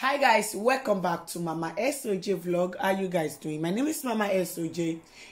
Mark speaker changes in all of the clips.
Speaker 1: hi guys welcome back to mama soj vlog how you guys doing my name is mama soj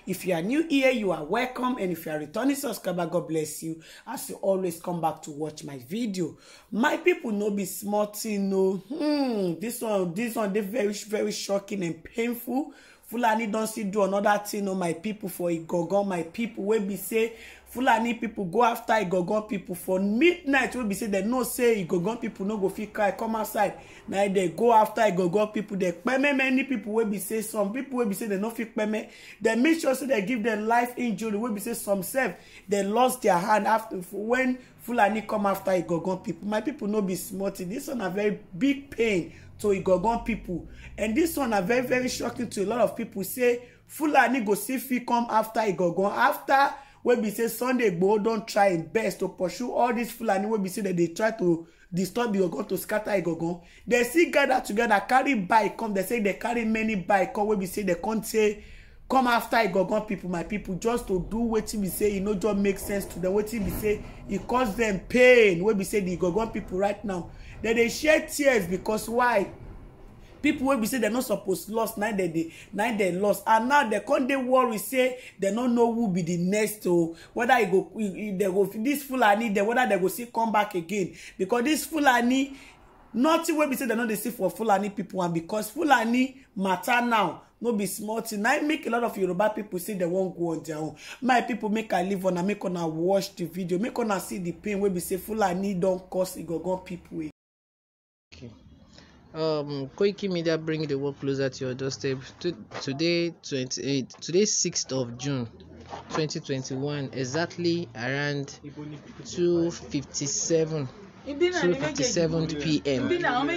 Speaker 1: if you are new here you are welcome and if you are returning subscriber god bless you as you always come back to watch my video my people no be small thing no hmm this one this one they very very shocking and painful fulani don't see do another thing o my people for igangan my people wey be say fulani people go after igogon people for midnight wey be say they no say igogon people no go fit cry come outside now they e go after igogon people. They peme many people wey be say some people will be say they no fit peme They make sure say dem give dem life injury wey be say some sef they lost their hand after when fulani come after igogon people. my people no be smarty. This one a very big pain to igogon people, and this one a very very shocking to a lot of people. say fulani go still fit come after igogon after wey be say sunday gboo don try im best to pursue all dis fulani wey be say dem dey try to disturb igogon to scatter igogon dem still gather together carry bike come dem say dem carry many bike come wey be say dem come say come after igogon people my people just to do wetin be say e no just make sense to dem wetin be say e cause dem pain wey be say di igogon people right now dem dey share tears because why People wey be say dem no suppose lost na they lost and now dem con dey worry say dem no know who be the next o oh. whether e go e, e, go this fulani dem whether dem go see come back again because this fulani nothing wey be say dem no dey see for fulani people, and because fulani matter now no be small tin na make a lot of yoruba people say dem wan go on their own my people make i leave on and make una watch the video make una see the pain wey be say fulani don cause igogon people
Speaker 2: um Koiki Media bring the world closer to your doorstep to, today 28 eh, today 6th of June 2021 exactly around 2:57 2:57 pm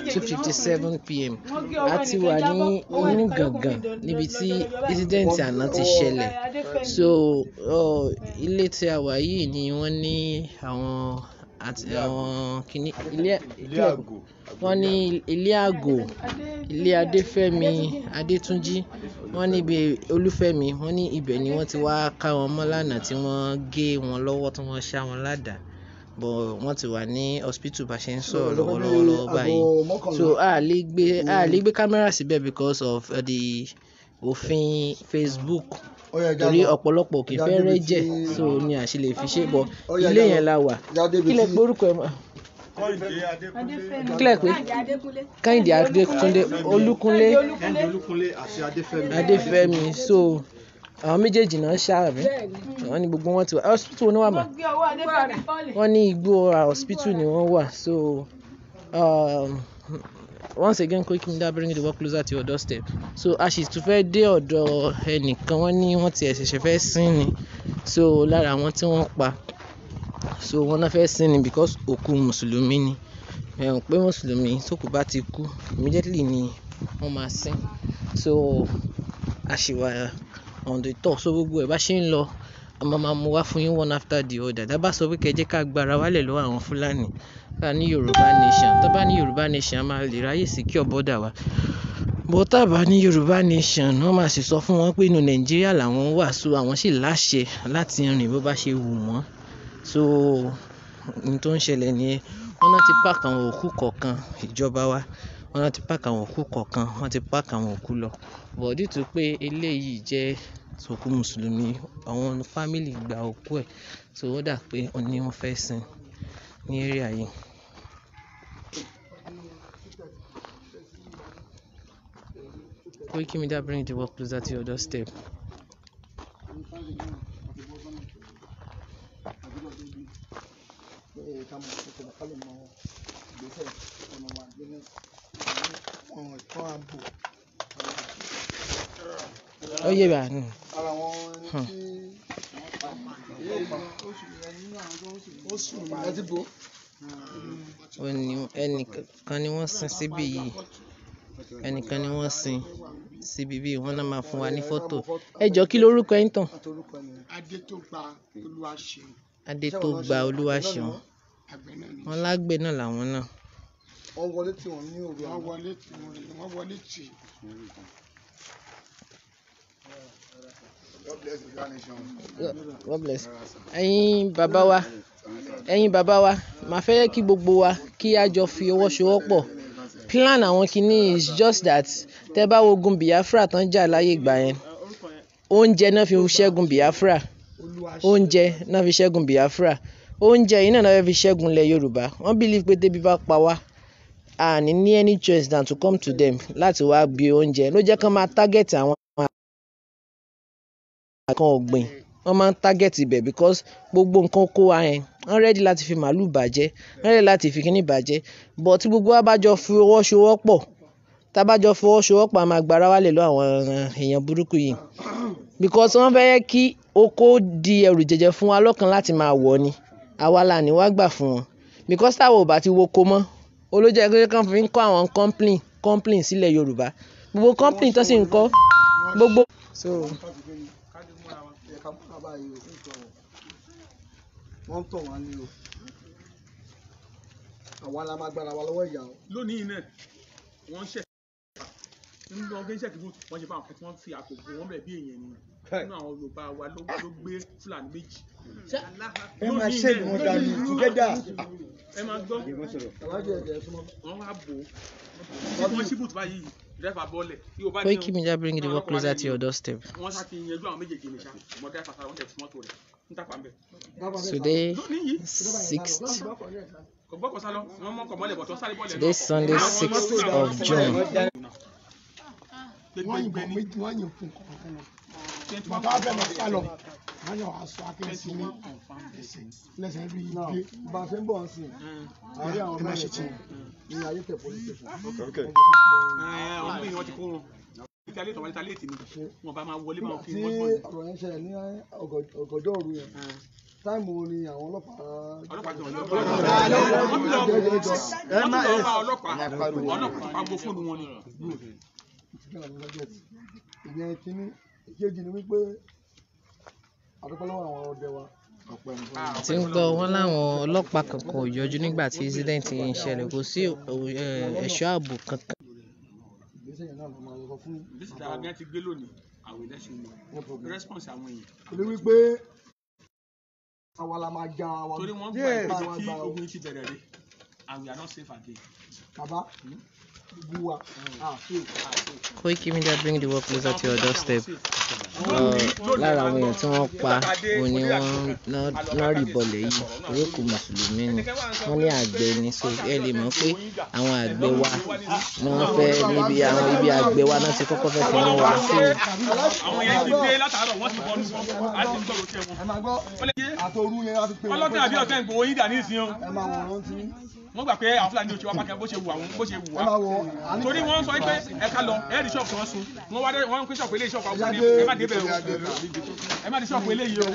Speaker 2: 2:57 pm a ti wà ní inú gangan níbi tí incident àná ti ṣẹlẹ̀ so uh, ilé tí a wà yìí ni wọ́n ní àwọn àti àwọn uh, kìíní ilé àgò wọ́n ní ilé ilé adéfẹ́mi adétúnjì wọ́n ní ibi olúfẹ́mi wọ́n ní ibẹ̀ ni wọ́n ti wá ká wọn mọ́ lánàá tí wọ́n gé wọn lọ́wọ́ tí wọ́n ṣá wọn ládàá bọ̀ wọ́n ti wà ní hospital bá ṣe ń sọ̀rọ̀ lọ́wọ́lọ́wọ́ báyìí so a lè gbé a lè gbé kámẹ́rà mm. síbẹ̀ because of uh, the òfin Facebook torí ọ̀pọ̀lọpọ̀ kì í fẹ́ rẹ́jẹ̀ so ni a ṣe lè fi ṣe bọ̀ ilé yẹn la wà kílẹ̀ gbórúkọ ẹ̀
Speaker 3: kílẹ̀ pé Kẹ́hìndé
Speaker 2: Adékúnlé Olúkúnlé
Speaker 3: Adéfẹ́mi
Speaker 2: so àwọn méjèèjì náà ṣàbí wọn ni gbogbo wọn ti wà hospital ni wọn wà wọn ní igbó uh, hospital ni wọn wà so. Um, once again Koikimedia bring the work closer to your doorstep so ashes tún fẹ́ dé ọ̀dọ̀ ẹnìkan wọ́n ní wọ́n ti ẹ̀ṣẹ̀ṣẹ̀ fẹ́ sin ni so lára àwọn tí wọ́n pa so wọ́n náà fẹ́ sin ni because òkú mùsùlùmí ni ẹ̀hún pé mùsùlùmí tó kù bá ti kú immediately ni wọ́n máa sin so àṣìwà on the talk so gbogbo ẹ̀ bá ṣe ń lọ a máa máa mú wá fún yín one after the other tá a bá sọ pé kẹjẹ ká gbára wálẹ̀ lọ́wọ́ àwọn fúlàní ká ní yorùbá nation tó bá ní yorùbá nation a máa lè ráyè secure border wa bó tábà ní yorùbá nation wọ́n máa sì sọ fún wọn pé inú nàìjíríà làwọn wà so àwọn sì láṣẹ láti rìn bó bá ṣe wù wọ́n so ohun tó ń ṣẹlẹ̀ nìyẹn wọ́n náà ti pààkì àwọn òkú kọ̀ọ̀kan ìjọba wa wọ́n náà ti pààkì àwọn òkú kọ̀ọ̀kan wọ́n ti pààkì àwọn òkú lọ bọ̀dí tó pé eléyìí jẹ́ so òkú mùsùlùmí àwọn fámìlì gba òkú ẹ̀ so wọ́n dà pé òun ni wọ́n fẹ́ sin ní area yìí. Koiki Media bring the work closer to your doorstep. Thank ó yé wa nù. ẹnìkan ni wọ́n sin síbí yìí ẹnìkan ni wọ́n sin síbi bíi wọ́n náà máa fún wa ní fọ́tò ẹ jọ kí lórúkọ ẹ̀ ń tàn.
Speaker 4: adétògbà olúwaṣeun
Speaker 2: wọn lágbè náà làwọn náà.
Speaker 3: wọ́n wọlé tí wọ́n ní òru àwọn wọ́n wọlé tí wọ́n rí wọ́n wọlé
Speaker 2: God bless ẹ̀yin bàbá wa ẹ̀yin bàbá wa màá fẹ́ kí gbogbo wa kí a jọ fi ọwọ́ sowọ́pọ̀ plan àwọn kinní is just that tẹ́ bá wo ogun Biafra tán jà láyé ìgbà yẹn oúnjẹ náà fi ṣẹ́gun Biafra oúnjẹ náà fi ṣẹ́gun Biafra oúnjẹ yìí náà náà fi ṣẹ́gun ilẹ̀ Yorùbá wọ́n believe pé débi bá pa wá a ní any choice than to come to them láti wá gbé oúnjẹ ló jẹ́ kán máa target àwọn nǹkan ọ̀gbìn wọ́n máa ń target ibẹ̀ because gbogbo nǹkan oko wa yẹn wọ́n ready láti fi màálù bàjẹ́ wọ́n ready láti fi kíní bàjẹ́ but tí gbogbo wa bá jọ fọwọ́sowọ́pọ̀ tá a bá jọ fọwọ́sowọ́pọ̀ a máa gbára wálẹ̀ lọ àwọn eh, èèyàn burúkú yìí because wọ́n fẹ́ kí oko di ẹrù jẹjẹ fún wa lọ́kàn láti máa wọ̀ ni àwa la ní wá gbà fún wọn because táwa ò bá ti woko mọ́ olójẹ́ pé kán fi ń kọ́ àwọn complain complain sílẹ̀ Yorùbá gbogbo complain tó sì ń kọ́ gbogbo. So,
Speaker 3: ẹ̀ka múra o fún ìtọ̀wọ̀ wọ́n ń tọ̀ wá ní o àwa la máa gbára wa lọ́wọ́ ìyá o. lónìí náà
Speaker 4: wọ́n ṣẹ̀ nínú ọgbẹ́ iṣẹ́ kìíní wọ́n ṣe bá àwọn kan tí wọ́n bẹ̀ bí èèyàn ni nínú àwọn Yorùbá wa ló gbé Fúlàní méjì.
Speaker 1: ẹ máa ṣe ìwọ̀n dànù
Speaker 4: tùgẹ́dà. ẹ máa gbọ́ wọ́n wá bò ó wọ́n ṣí bùtù báyìí dẹ́fà bọ́ọ̀lẹ̀. Koiki Media bring the work closer to your doorstep. wọ́n ṣá ti yanjú àwọn méjèèjì ní ṣá mọ̀ dẹ́fà sára wọ́n fún mọ́tò rẹ̀ ń tàpá ń bẹ̀. Today sixth. Today Sunday sixth of June pépépé ní. wọ́n yìn fún kọ̀ọ̀kan lọ. bàbá bẹ̀rẹ̀ lọ sálọ
Speaker 3: wọ́n yàn wá sọ akẹ́sí ní lẹ́sẹ̀ rí i gbé. bá a ṣe ń bọ̀ sí i àárí àwọn mẹ́rin kan ní ayé tẹ̀ pọ́lísì. Eh, ọmọ yìí wọ́n ti kó wọn
Speaker 4: ìtàlẹ́ tọ̀wọ́ ìtàlẹ́ tì mí wọn bá máa wọlé máa fi wọ́n wọ́n. tí
Speaker 3: ọ̀rọ̀ yẹn ṣẹlẹ̀ ní eh, ọ̀gọ̀dọ̀ òru yẹn ah. táìmù wo ni àwọn ọlọ́pàá. ọlọ́pàá tó ọlọ́pàá ọlọ́pàá ọlọ́pàá ọlọ́pàá ọlọ́pàá ọlọ́pàá
Speaker 2: ọlọ́pàá
Speaker 3: ìṣúná ní budget ìyẹn kínní ìkejì ni wípé àdúpọ̀lọ́wọ́ àwọn ọdẹ wa tí ń
Speaker 2: gbọ́ wọn láwọn ọlọ́pàá kankan ò yọjú nígbà tí incident yìí ń ṣẹlẹ̀ kò sí ẹ̀ṣọ́ ààbò kankan.
Speaker 3: ìgbésẹ̀ wípé àwa la ja àwa. torí wọ́n gbà pé kí ogun
Speaker 4: ti bẹ̀rẹ̀ rẹ̀ and we are not safe again. bàbá hmm?
Speaker 2: Koikimedia bring the world at your doorstep. Uh, lára àwọn èèyàn tí wọ́n pa òun ni wọ́n náà rí bọ̀lẹ̀ yìí orókù mùsùlùmí ni wọ́n ní àgbẹ̀ ni so ẹ lè mọ̀ pé àwọn àgbẹ̀ wa ni wọ́n fẹ́ níbi àwọn ibi àgbẹ̀ wa náà ti kọ́kọ́ fẹ́ fi wọ́n wá sí.
Speaker 4: àwọn yẹn ti dé látàárọ̀ wọ́n ti bọ́nu á ti gbọ́dọ̀ tiẹ̀ wọn. ọlọ́tẹ̀ àbí ọ̀tẹ̀ ìgbòho yín ní ìsìn wọ́n gbà pé àwọn fúlàní oṣù wa máa bó ṣe wù àwọn bó ṣe wù wá torí wọ́n sọ pé ẹ̀ka lọ ẹ̀rì ṣọ́ọ̀bù kan sun wọ́n wá wọ́n pín ṣọ́ọ̀bù eléyìí ṣọ́ọ̀bù àwọn fúlàní má débẹ̀ o ẹ má dé ṣọ́ọ̀bù eléyìí o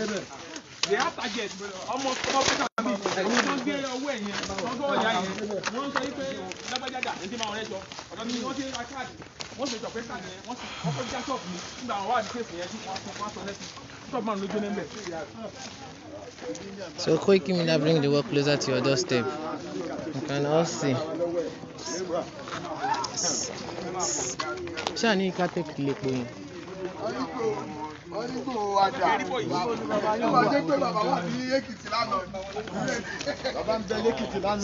Speaker 4: they target ọmọ ọmọ pẹ́sà mi ẹ̀yin tó gbé ọwọ́ ẹ̀yẹn tọ́jọ́ ọ̀yà yẹn wọ́n sọ pé lágbájáda ẹ̀dí máa rẹ́jọ ọ̀dọ́ mi wọ́n ti ra káàdì wọ́n sì jọ pé káàdì yẹn wọ́n sì kọ́kọ́ já ṣọ́ọ̀bù mi nígbà wọn wá àdìsẹ́sì yẹn tí wọ́n sọ fún
Speaker 2: So Koiki Media bring the work closer to your doorstep.
Speaker 4: You can all see.
Speaker 2: Shani, ní ká tẹ́kì lépo yẹn.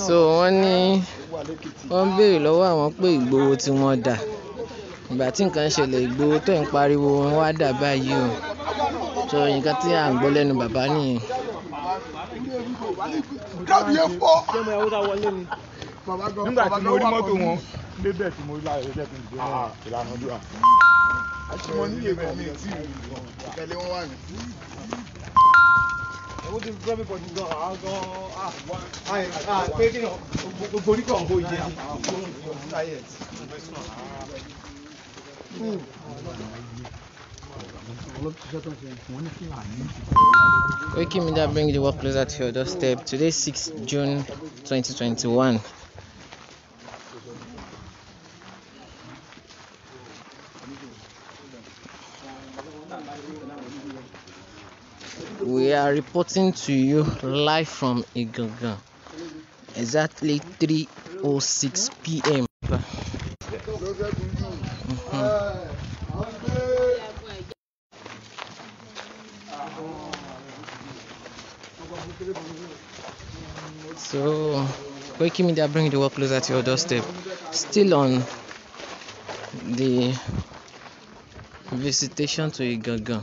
Speaker 2: So wọ́n ní wọ́n béèrè lọ́wọ́ àwọn pé Ìgbòho tí wọ́n dà. Ìgbà tí nǹkan ṣẹlẹ̀ Ìgbòho tó ń pariwo wọn wá dà báyìí o so nǹkan tí à ń gbọ́ lẹ́nu bàbá nìyẹn.
Speaker 3: káàbì yẹn fọ́. nígbà tí
Speaker 1: mo rí mọ́tò wọn
Speaker 3: débẹ̀ tí mo rí láàyè débẹ̀ tí mo rí ah, ìlànà àdúrà. àtìmọ́ níyè kan mi tí ìkẹlẹ́ wọn wà ní. Ewo ti gbọ́ mi pọ̀ gan-an ah, ah, pé kí ni gbogbo kan kò yé mi.
Speaker 2: Waking Media bring the work closer to your doorstep. Today, 6 June 2021. We are reporting to you live from Igaga, exactly 3:06 p.m. Wakey Media bring the world closer to your doorstep. Still on the visitation to Igaga.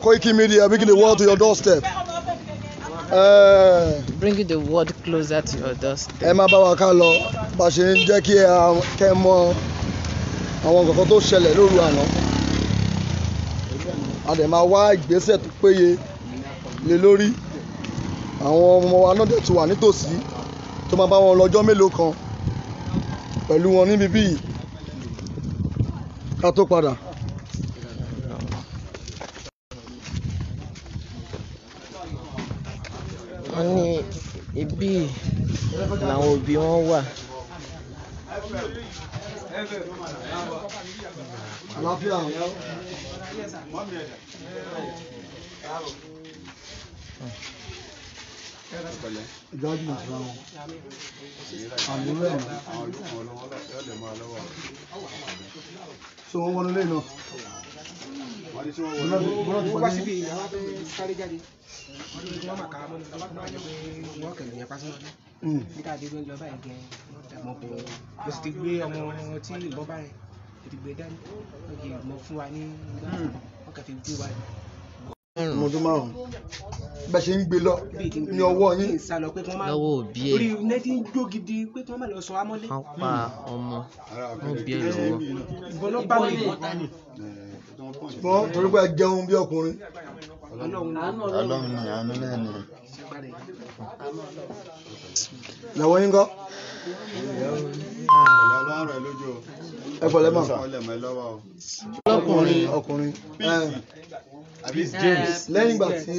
Speaker 3: Koiki Media bringing the world to your doorstep. Uh,
Speaker 2: eh. bringing the world closer to your doorstep. Ẹ
Speaker 3: máa bá ṣe ń jẹ́ kí ẹ mọ àwọn nǹkan tó ṣẹlẹ̀ lóru àná a dẹ̀ máa wá ìgbésẹ̀ tó péye lé lórí àwọn ọmọ wa náà dẹ̀ tún wà nítòsí tó máa bá wọn lọ́jọ́ mélòó kan pẹ̀lú wọn níbi bíi ká tó padà.
Speaker 2: wọ́n ní ibí làwọn òbí wọn wà
Speaker 3: àlàáfíà àwọn jọ́jú ìṣúná wọn àlùrù ẹ̀ so wọ́n wọlé lẹ́yìn
Speaker 4: náà bọ́lá ti pàdé ní. nígbà tí ó ń lọ báyìí gẹ ọmọkùnrin mo sì ti gbé ọmọ tí ìbọn márùn-ún ọdún márùn-ún
Speaker 3: bẹ́ẹ̀ ṣe ń gbé lọ ní ọwọ́ yín lọ́wọ́ òbí ẹ̀ orí
Speaker 4: nẹ́tí
Speaker 2: pa ọmọ wọ́n bí ẹ lọ́wọ́.
Speaker 3: ṣùgbọ́n torí pé jẹun bí ọkùnrin. ọlọ́run ni àánú náà ni. ìyàwó yín kọ́. ẹ pọ̀lẹ́ mọ̀.
Speaker 1: ọkùnrin ọkùnrin
Speaker 3: àbí James lẹ́yìn ìgbà tí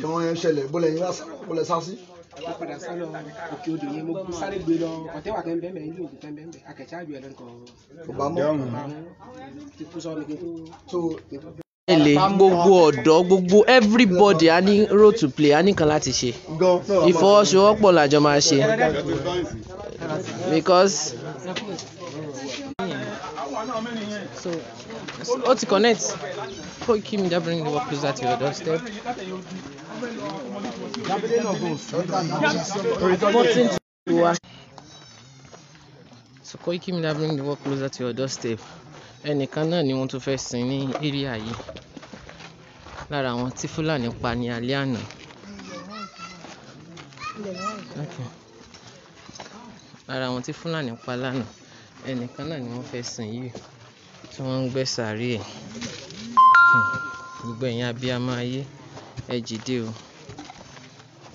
Speaker 3: ìwọ̀n yẹn ṣẹlẹ̀ bọ́lẹ̀ yín bọ́lẹ̀ sá sí. àwa padà sá lọ òkè odò yẹn mo sáré
Speaker 4: gbé lọ ọ̀tẹ́wà tó ń bẹ́ẹ̀ ní òkè tó ń akẹ́kẹ́ àjò ẹ̀rọ nǹkan. kò bá ti kú sọ́ọ́ mi tó.
Speaker 2: Ele gbogbo ọ̀dọ́ gbogbo everybody a ní role to play a ní kan láti ṣe ìfọwọ́sowọ́pọ̀ làjọ máa ṣe
Speaker 4: because. So, how to connect?
Speaker 2: How you keep bring the work closer to your doorstep? So, how you keep bring the work closer to your doorstep? Ẹnìkan you ni wọ́n tún fẹ́ sin ní area yìí lára àwọn tí Fúlàní pa ní alẹ́ àná. Lára àwọn tí Fúlàní pa lánàá ẹnìkan náà ni wọ́n fẹ́ sìn yìí tí wọ́n ń gbẹ́ sàárè ẹ̀ gbogbo ẹ̀yin abiyamọ ayé ẹ jìde o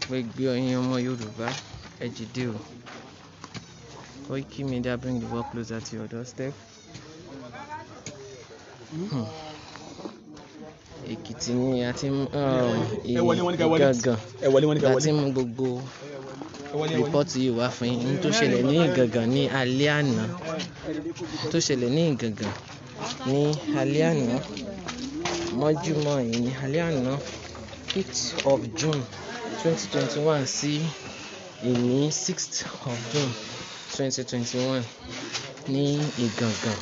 Speaker 2: gbẹgbẹ ọyìn ọmọ Yorùbá ẹ jìde o Koiki Media bring the world closer to your doorstep. Hmm. Èkìtì ni a ti ń um, gangan láti mú gbogbo rìpọ́ọ̀tì yìí wá fún yín tó ṣẹlẹ̀ ní Ìgangan ní alẹ́ àná tó ṣẹlẹ̀ ní Ìgangan ní alẹ́ àná mọ́júmọ́ yìí ní alẹ́ àná fifth of June twenty twenty one sí ìní sixth of June twenty twenty one ní Ìgangan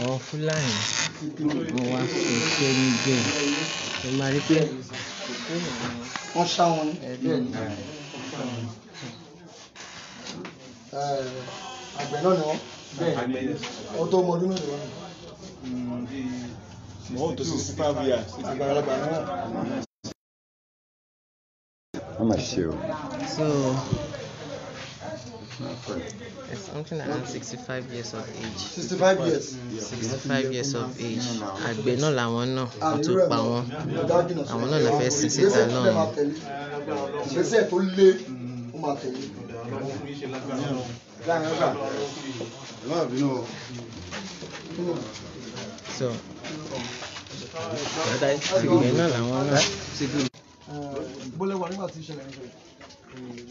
Speaker 2: àwọn Fúlàní mo wá fi kẹ́ni bẹ́ẹ̀ ẹ máa rí pé
Speaker 3: wọ́n ṣá wọn ní. Eh, àgbẹ̀ náà ni wọ́n
Speaker 1: bẹ́ẹ̀
Speaker 3: ó tó mọ ọdún mẹ́rin wọn. mo ò tó sí sí pàbíyà. àgbàlagbà náà. wọ́n máa ṣe o.
Speaker 2: so. There's something around 65 years of age. 65 years. 65 years of age. Àgbẹ̀ náà làwọn náà, ah, wọ́n tún pa wọ́n. Àwọn náà la fẹ́ sin síta náà.
Speaker 3: Ìgbésẹ̀ tó lé ó máa tẹ̀lé. So, àgbẹ̀ náà làwọn náà. Bólú wà nígbà tí ìṣẹ̀lẹ̀ ń ṣẹlẹ̀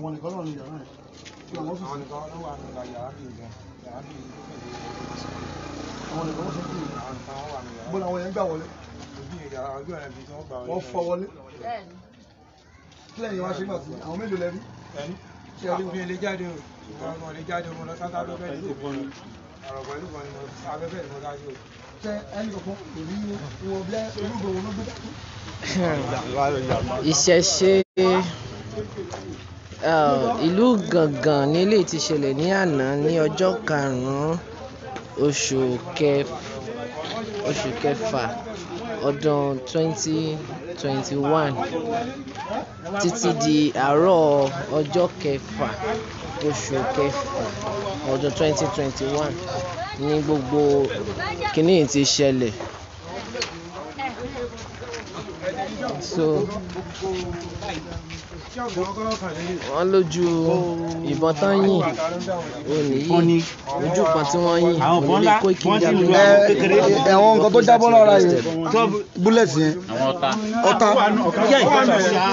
Speaker 3: àwọn nìkan náà ní yàrá yẹn tí àwọn fi sùn. àwọn nìkan ló wà nígbà yàrá bíi gan yàrá bíi pẹ̀lú àwọn nìkan wọ́n sọ pé àwọn nìkan wà ní yàrá. bọ́lá àwọn yẹn gbà wọlé. òbí yàrá ojú ọ̀rẹ́ bíi tí wọ́n gbà wọlé. wọ́n fọ wọlé. kílẹ̀ yẹn wá ṣe gbà sí àwọn mélòó lẹ́rí. ẹni ṣe àfihàn ilé jáde o ọmọ ilé jáde o mo lọ sátá lọ́fẹ̀ẹ́ ní tèmi ọ̀rọ̀ pẹ̀lú kan ni mo abẹ́fẹ́ ni mo dájú o jẹ kankan kò ní wọn bí irúgbìn ló gbé
Speaker 2: dàtú. ìṣẹ̀ṣe. Uh, ìlú Igangan ni eléyìí ti ṣẹlẹ̀ ní àná ní ọjọ́ karùn-ún oṣù kẹfà ọdún 2021 títí di àárọ̀ ọjọ́ kẹfà oṣù kẹfà ọdún 2021 ní gbogbo kínní ti ṣẹlẹ̀ so wọ́n lójú ìbọn tán yìn òní yìí ojú kan tí wọ́n yìn òní lè kó ìkíni jáde. ẹ àwọn nǹkan tó jábọ́ lára yẹn búlẹ̀tì yẹn
Speaker 3: ọ̀tá.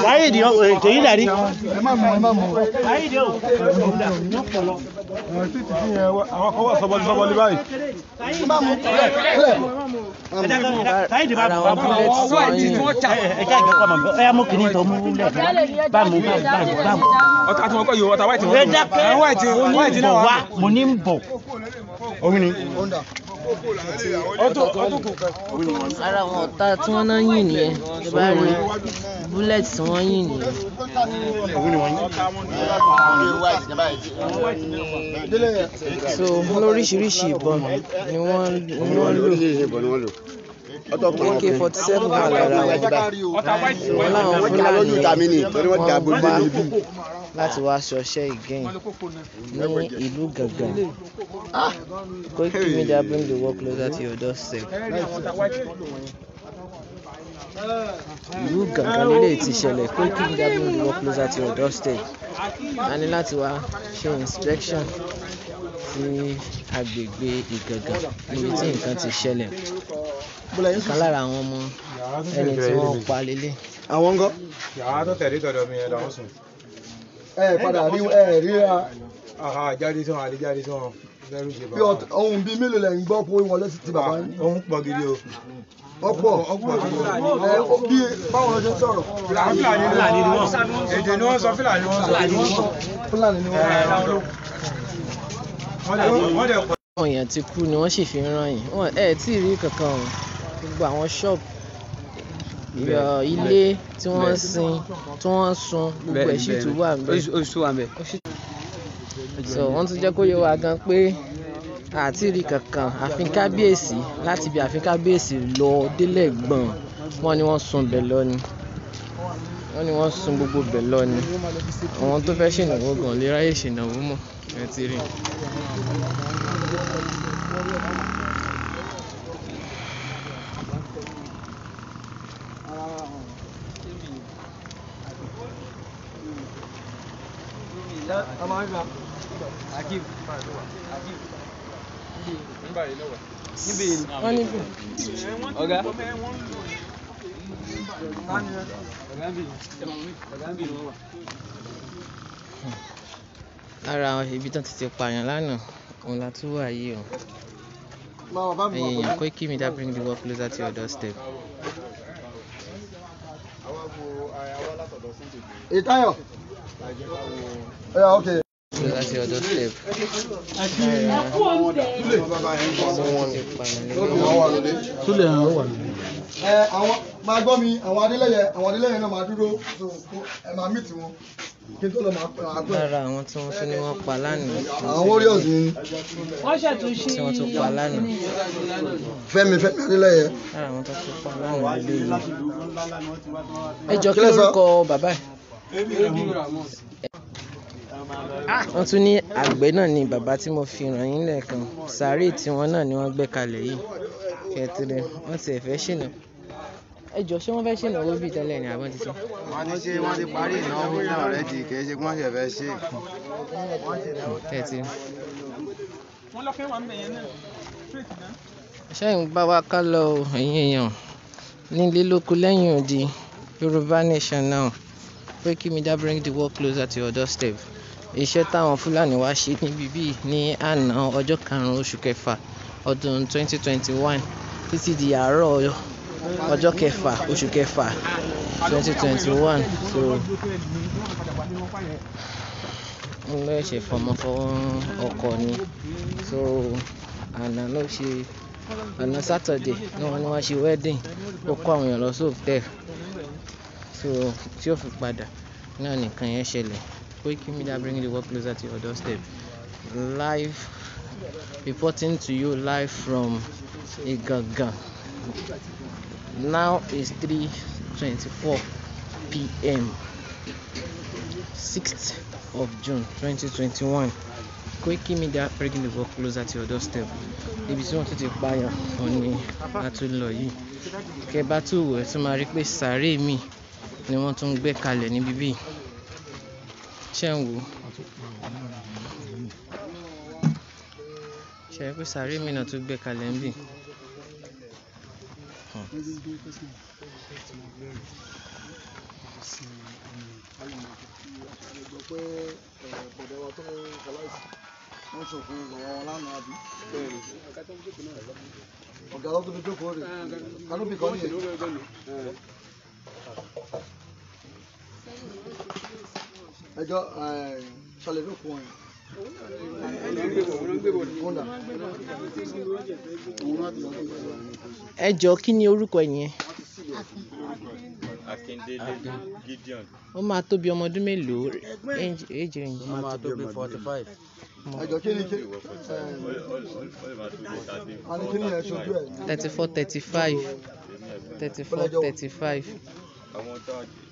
Speaker 3: wáyé di ètò yìí dàrí. wáyé di o. àwọn kan wà sọbọlí sọbọlí báyìí.
Speaker 4: ara wọn búlẹ̀tì wọ́n yìn.
Speaker 1: ẹ jẹ́ àgbẹ̀kọ́ mọ̀ ẹ yá mú kìnnìkan mú lẹ̀ bá mú báàmù báàmù. ọ̀tá tí wọ́n kọ́ yìí ọ̀tá wáìtì wọn. rẹ́dá pé ah, wáìtì náà wá mo ní ń omi ni.
Speaker 2: ara àwọn ọ̀tá tí wọ́n náà yìn nìyẹn ẹ bá rí búlẹ̀tì tí wọ́n yìn nìyẹn. so lóríṣiríṣi ìbọn ni wọ́n lò. AK47 wà lára wọn gbà wọn láwọn Fúlàní wá láti wá ṣọṣẹ́ again ní ìlú gangan ah! Koiki Media bring the work closer to your doorstep ìlú gangan lè ti ṣẹlẹ̀ Koiki Media bring the work closer to your doorstep a ní láti wá ṣe inspection ní agbègbè Ìgàngán níbi tí nǹkan ti ṣẹlẹ̀ ọ̀kan lára àwọn ọmọ ẹni tí wọ́n pa lélẹ̀. àwọn ńgọ́.
Speaker 3: yàrá tó tẹ̀lé tọ̀dọ̀ mi yẹn làwọn
Speaker 2: sùn. ẹ padà rí
Speaker 3: ẹ ríra. aha jáde sọ àlè jáde sọ lẹ́rù ṣe bàbá. bí ohun bíi mélòó lẹ̀ ń gbọ́ pé wọlé ti bàbá yín. ohun pọ̀ gidi o ọ̀pọ̀ bí báwọn ọjọ́ sọ̀rọ̀. fúlàní ni wọ́n èdè ni wọ́n sọ fúlàní ni wọ́n
Speaker 4: sọ.
Speaker 2: fúlàní ni wọ́n sọ àwọn èèyàn ti kú ni wọ́n sì fi ń ràn yín ẹ tí ì rí kankan o gbogbo àwọn ṣọ́ọ̀bù uh, ilé tí wọ́n ń sin tí wọ́n ń sun gbogbo ẹ̀ sì tún wà ń bẹ̀.
Speaker 1: so wọ́n tún jẹ́ kó yé wa gan pé
Speaker 2: àti rí kankan àfin kábíyèsí láti ibi àfin kábíyèsí lọ délẹ̀ gbọ̀n wọ́n ní wọ́n sun bẹ̀ lọ ni wọ́n ní wọ́n sun gbogbo bẹ̀ lọ ni àwọn tó fẹ́ ṣènáwó gan lè ráyè ṣènáwó mọ̀ ẹ ti rí wọ́n
Speaker 3: níbi ọ̀gá
Speaker 2: lára ibi tán ti ti pààyàn lánàá òun la tún wà yìí o
Speaker 3: ẹ̀yin èèyàn Koiki
Speaker 2: Media bring the world closer to your doorstep. ìtayọ̀
Speaker 3: okay closer to your doorstep. someone ti pààyàn lẹ́yìn máa gbọ́ mi àwọn adélẹ́yẹ àwọn adélẹ́yẹ náà máa dúró ẹ máa mìtì wọn kí n tó lọ máa pẹ́ máa pẹ́. lára
Speaker 2: àwọn tí wọ́n tún ní wọ́n pa lánàá. àwọn warriors ni. wọ́n ṣètò sí i tí wọ́n tún pa lánàá. fẹ́mi fẹ́mi adélẹ́yẹ. lára àwọn tó tún pa lánàá lè yí.
Speaker 4: ẹ jọ kí lórúkọ
Speaker 2: bàbá ẹ. wọ́n tún ní àgbẹ̀ náà ni bàbá tí mo fi ràn yín lẹ́ẹ̀kan sàárè tiwọn náà ni wọ́n gbé kalẹ̀ yìí kẹtìrẹ wọ́n ti ẹ̀fẹ́ ṣìnà ẹ jọ ṣé wọ́n fẹ́ ṣe ìnáwó bíi tẹ́lẹ̀ ni àbọ̀n ti ṣe. wọ́n ní ṣé wọ́n ti parí ìnáwó náà rẹ̀ di kì í ṣe wọ́n ṣe fẹ́ ṣe.
Speaker 4: tẹ̀tí. wọ́n lọ fẹ́
Speaker 2: bá wa ká lọ ẹ̀yìn èèyàn nílé lóko lẹ́yìn odi Yorùbá Nation now pé kí mi dá bring the work closer to your doorstep iṣẹ́ táwọn Fúlàní wá ṣe níbí bíi ní àná ọjọ́ karùn-ún oṣù kẹfà ọdún 2021 títí di àárọ̀ ọjọ́ kẹfà oṣù kẹfà
Speaker 4: twenty twenty one so
Speaker 2: mo lẹ́sẹ̀ fọmọ fọwọ́ ọkọ ni so àná ló ṣe àná sátọ̀dẹ̀ náà wọ́n ní wọ́n ṣe wedding ó kó àwọn èèyàn lọ sí hotel so tí ó fi padà náà nìkan yẹn ṣẹlẹ̀ Koiki Media bringing the world closer to your doorstep live reporting to you live from Igangan now is 3:24 p.m. 6th of June 2021 Koiki Media breaking the world closer to your doorstep ibi tí wọ́n to buy payàn òun ni a tún lọ yìí kẹbà tó wẹ̀ tún máa rí pé sàárè mi ni wọ́n tún gbé kalẹ̀ níbí bíi ṣé ń wò ó ṣe é pé sàárè mi náà tún gbé kalẹ̀ níbí
Speaker 3: àgbẹ̀gbọ́ pé bọ̀dẹ̀ wa tó ń kọláìsì wọ́n sọ fún bàbá wọn lánàá àbí bẹ́ẹ̀ ni ọ̀gá tó fi jókòó rè kánúbì kan nìyẹn. ẹjọ́ ṣàlẹ̀ ló fún ọ yẹn
Speaker 2: ẹ jọ kí ni orúkọ yẹn
Speaker 5: akindele gideon.
Speaker 2: ó máa tó bí ọmọ ọdún mélòó èjì rẹ̀ yìí. ó máa tó bí forty
Speaker 3: five. ẹjọ kí ni kí thirty four thirty five thirty four
Speaker 2: thirty five.
Speaker 5: àwọn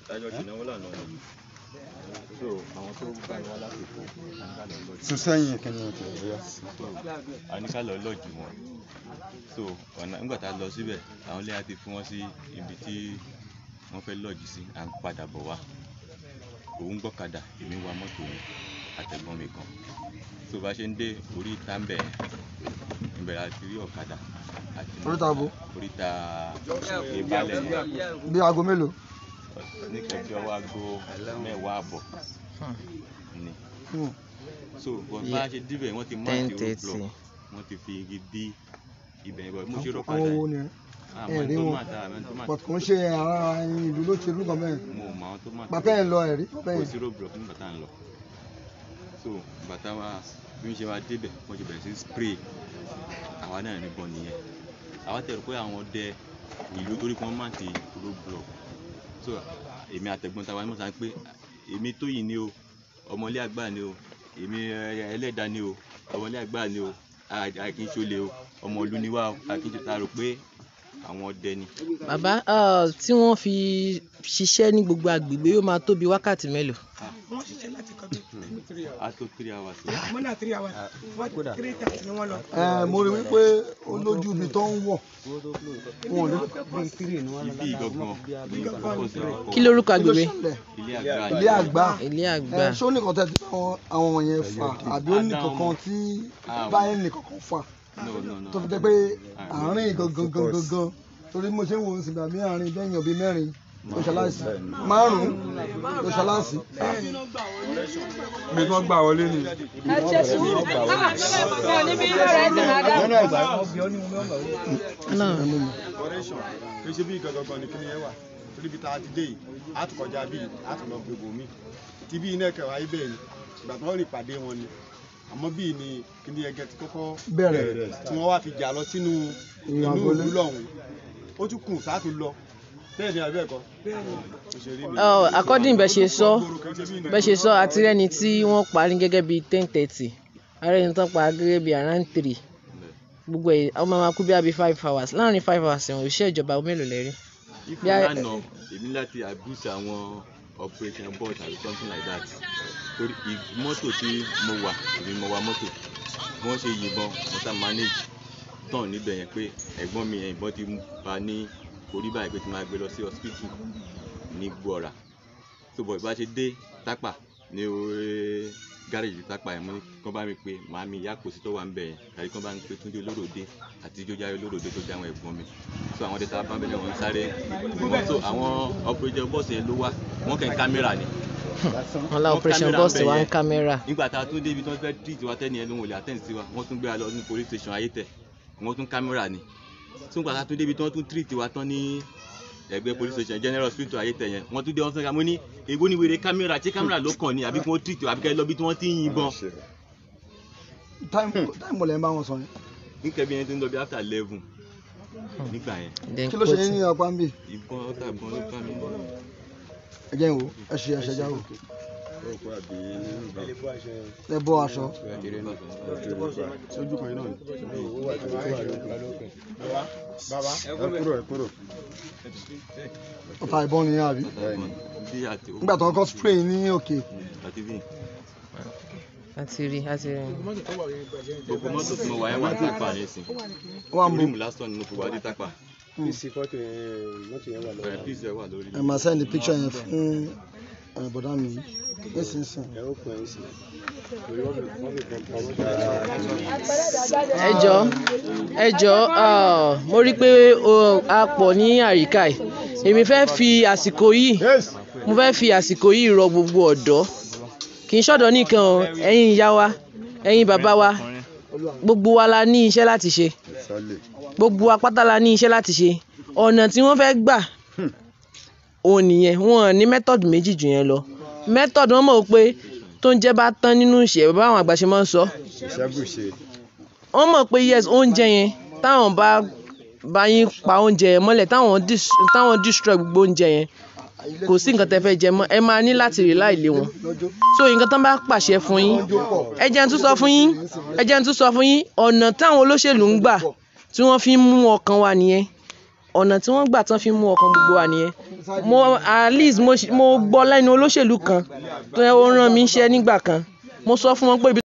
Speaker 5: tájọ ṣìnáwó lànà so àwọn tó bá wa lásìkò sún
Speaker 3: sẹ́yìn kí ni o
Speaker 5: tẹ̀ bóyá. a ní ká lọ lọ́ọ̀jì wọn so ọ̀nà nígbà tá a lọ síbẹ̀ àwọn ilé àti fún wọn sí ibi tí wọ́n fẹ́ lọ́ọ̀jì sí à ń padà bọ̀ wá òun gbọ́kadà èmi wa mọ́tò òun àtẹ̀gbọ́n mi kan tó bá ṣe ń dé orí ìta ń bẹ̀ ìbẹ̀rẹ̀ àti rí ọ̀kadà àti oríta bo oríta ìbálẹ̀ bí aago mélòó níkan bí ọwọ́ aago mẹ́wàá àbọ̀ ni so but bá a ṣe débẹ̀ wọ́n ti máàkì roadblock wọ́n ti fi igi dí ibẹ̀ ibẹ̀ mo ṣe rọ padà ah, ẹ̀rí wọn but kò ń
Speaker 3: ṣe ara ìlú ló ṣe lúgọ mẹ́rin bàtà ẹ̀ lọ ẹ̀rí bẹ́ẹ̀. kò
Speaker 5: sí roadblock bàtà ń lọ so bàtà wa bí wọ́n ṣe wá débẹ̀ wọ́n ti bẹ̀rẹ̀ sí spray àwa náà níbọn nìyẹn àwa tẹ̀rù pé àwọn ọdẹ ìlú torí kan máàkì roadblock so èmi àtẹ̀gbọ́n tàwa ni mo sàn pé èmi Tóyìn ni o ọmọlé àgbà ni o èmi ẹlẹ́dà ni o ọmọlé àgbà ni o àkínṣolè o ọmọ ni wá o àkínṣe rò pé àwọn ọdẹ ni.
Speaker 2: bàbá tí wọ́n fi ṣiṣẹ́ ní gbogbo àgbègbè yóò máa tó wákàtí mélòó
Speaker 5: a tó three hours. mo náà three hours ah, wọ́n three thirty ni wọ́n lọ. ẹ eh, mo rí wípé
Speaker 3: olójú ibi tó ń wọ̀
Speaker 5: wọn ò ní three ni wọ́n lọ lágbàá.
Speaker 3: kí lorúkọ agbègbè. ilé àgbà ilé àgbà ẹ eh, ṣó nìkan tẹ ti sọ àwọn wọ̀nyẹn fà àbí ó nìkan tí báyìí nìkan fà tó fi jẹ́ pé àárín gangan gangan torí mo ṣe ń wo sinmi àmì àárín bẹ́ẹ̀ yàn bíi mẹ́rin tó ṣaláǹsì márùn-ún tó ṣaláǹsì. gbà wọlé ni.
Speaker 1: ẹ ṣe sùúrù ẹ ní bí yóò rẹ ti máa dá. ẹ
Speaker 3: ṣe bí gangan ni kí ni ẹ wà níbi tá a ti dé yìí a ti kọjá bíi a ti lọ gbogbo mi ti bí iná kẹwàá ibẹ̀ ni ìgbà tí wọ́n rìn pàdé wọn ni àmọ́ bíi ni kíni ẹgẹ ti kọ́kọ́ bẹ̀rẹ̀ tí wọ́n wá fi jà lọ
Speaker 2: sínú ìlú ìlú
Speaker 3: lọ́hùn ó tún kù sáà tún lọ Oh, àbẹ ẹkọ.
Speaker 2: according bẹ ṣe sọ bẹ ṣe sọ àti rẹni tí wọ́n parí gẹ́gẹ́ bíi ten thirty ààrẹ ẹni tó pa gẹ́gẹ́ bíi around three gbogbo ẹ ọmọ máa kú bí five hours láàrin five hours ẹ̀wọ̀n òṣìṣẹ́ ìjọba mélòó lẹ́rí. ife lánà
Speaker 3: èmi
Speaker 5: láti abuse àwọn operation board or something like that torí mọ́tò tí mo wà èmi mo wa mọ́tò bí wọ́n ṣe yìnbọn mo ta manage tán níbẹ̀ yẹn pé ẹ̀gbọ́n mi ìbọn ti bá ní kó rí báyìí pé tí máa gbé lọ sí hospital ní gbọ́ra tó bọ̀ ìbá ṣe dé tápà ní orí gáréjì tápà ẹ̀ mú ní kán bá mi pé màá mi ìyá sí tó wà ń bẹ̀ yẹn tàbí kán bá mi pé Túndé Olóròdé àti Jójáré Olóròdé tó jáwọn ẹ̀gbọ́n mi so àwọn dẹ́ta bá bẹ̀rẹ̀ wọn sáré mọ́tò àwọn operation bọ́ọ̀sì yẹn ló wá wọ́n kẹ́ kámẹ́rà ni
Speaker 2: wọn la operation boss ti wá ń kámẹ́rà.
Speaker 5: nígbà tá a tún débi tí wọ́n fẹ́ treat wa tẹ́ni ẹ̀ ló ń wọlé àtẹ́ǹsí wa wọ́n tún gbé wa lọ ní police station ayétẹ̀ wọ́n tún kámẹ́rà ni tún gbàgbà tún débi tí wọ́n tún tírìtì wa tán ní ẹgbẹ́ police station general hospital ayétẹ̀yẹ wọ́n tún dé wọ́n sọ́ka mo ní ègbó ni wèrè kámẹ́rà tí kámẹ́rà ló kàn ní àbí kí wọ́n tírìtì wa àbí kẹ́ lọ bí tí wọ́n ti ń
Speaker 3: yìnbọn. táìmù lẹ́ bá wọn sọ yẹn.
Speaker 5: nkẹ́bi yẹn ti ń lọ bí after eleven nígbà yẹn. kí ló ṣe ní apá ń bì. ìbọn ọ̀tá ìbọn ló bá mi.
Speaker 3: ẹ jẹ́ ìwò ẹ ṣe ẹ ṣe jáwó ẹ bọ́ aṣọ. ojú kan náà ẹ kúrò ẹ kúrò. ọ̀tá ìbọn nìyẹn àbí. nígbà tó ń kọ́ spray ní òkè
Speaker 5: a ti
Speaker 2: rí a ti rí.
Speaker 4: gbogbo mọ́tò
Speaker 5: tí mo wà yẹn wà tápà yẹn
Speaker 4: sìn fíìmù
Speaker 5: lásán ni mo fi wà dé tápà. ẹ máa send picture yẹn fún
Speaker 3: bọ̀dá mi nísinsìn.
Speaker 1: ẹ jọ ẹ jọ
Speaker 2: mo rí i pé a pọ̀ ní àyíká yìí èmi fẹ́ fi àsìkò yìí mo fẹ́ fi àsìkò yìí rọ gbogbo ọ̀dọ́ kì í ṣọ̀dọ̀ nìkan o ẹ̀yin ìyá wa ẹ̀yin bàbá wa gbogbo wa la ní iṣẹ́ láti ṣe gbogbo wa pátá la ní iṣẹ́ láti ṣe ọ̀nà tí wọ́n fẹ́ gbà òun nìyẹn wọn ò ní method méjì jù yẹn lọ method wọn mọ̀ pé tó ń jẹ́ bá tán nínú ìṣẹ́ bá àwọn àgbà ṣe máa ń sọ wọ́n mọ̀ pé yes oúnjẹ yẹn táwọn bá bá yín pa oúnjẹ yẹn mọ́lẹ̀ táwọn destroy gbogbo oúnjẹ yẹn kò sí nǹkan tẹ́ fẹ́ jẹ mọ́ ẹ máa ní láti rely lé wọn so nǹkan tán bá pàṣẹ fún yín ẹ jẹ́ n tún sọ fún yín ẹ jẹ́ n tún sọ fún yín ọ̀nà táwọn olóṣèlú ń gbà tí wọ́n fi ń mú ọkàn wa nìyẹn ọ̀nà tí wọ́n gbà tán fi mú ọkàn gbogbo wa nìyẹn mo at least mo gbọ́ lẹ́nu olóṣèlú kan tó ń rán mi iṣẹ́ nígbà kan mo
Speaker 3: sọ fún wọn pé